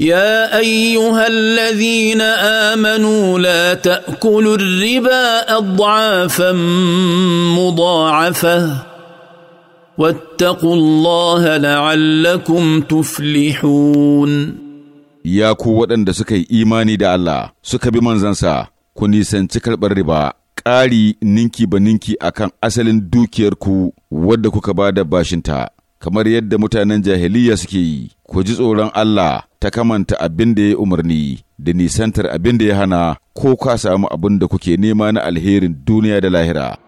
يا ايها الذين امنوا لا تاكلوا الربا اضعافا مضاعفه واتقوا الله لعلكم تفلحون يا ku waɗanda suka yi imani da Allah suka bi manzansa ku nisanci karɓar riba ƙari ninki ba ninki akan asalin dukiyarku wadda kuka ba da bashinta kamar yadda mutanen jahiliya suke yi, ku ji tsoron Allah ta kamanta abin da ya umarni da nisantar abin da ya hana ko ka samu abin da kuke nema na alherin duniya da lahira.